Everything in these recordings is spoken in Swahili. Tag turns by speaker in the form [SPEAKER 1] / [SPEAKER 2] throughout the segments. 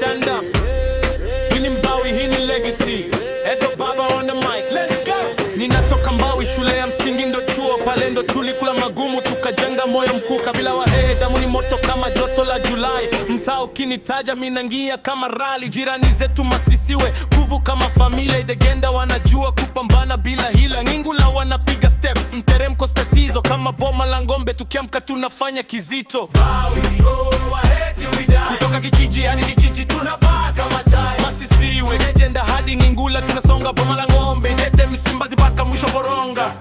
[SPEAKER 1] stand up. Hii Mbawi, hii ni legacy. Edo Baba on the mic. Let's go. Ninatoka Mbawi, shule ya msingi ndo chuo pale ndo tulikula magumu tukajenga moyo mkuu. Kabila wa Hehe, damu ni moto kama joto la Julai. Mtaa ukinitaja minangia kama rali. Jirani zetu masisiwe nguvu kama familia idegenda, wanajua kupambana bila hila. la wanapiga steps, mteremko statizo kama boma la ng'ombe. Tukiamka tunafanya kizito
[SPEAKER 2] Bawi, oh
[SPEAKER 1] kutoka kijiji hadi kijiji tunapaka matai masisiwe legenda hadi Ngingula tunasonga boma la ng'ombe nete Msimbazi mpaka mwisho Boronga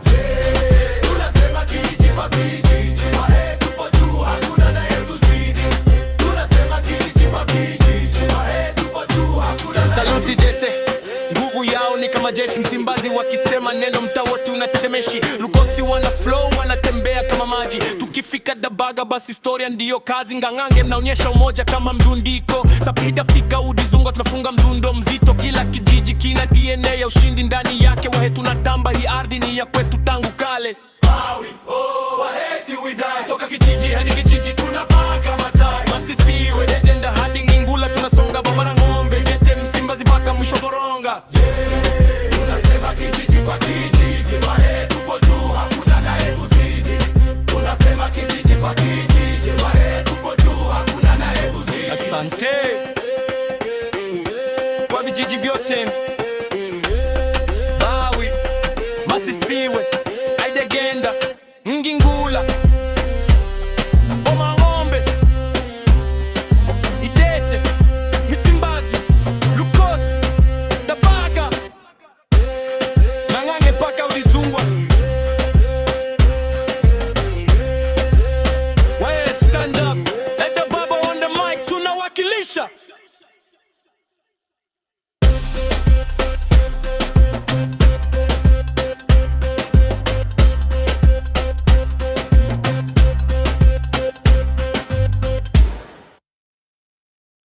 [SPEAKER 2] tunasema kijiji kwa kijiji
[SPEAKER 1] jeshi Msimbazi wakisema neno mtaa wote unatetemeshi Lukosi wana flow wanatembea Fika Dabaga, basi historia ndiyo kazi. Ng'ang'ange mnaonyesha umoja kama mdundiko. Sapida fika udizungo, tunafunga mdundo mzito Asante kwa vijiji vyote Bawi, Masisiwe, Aidegenda, ngingula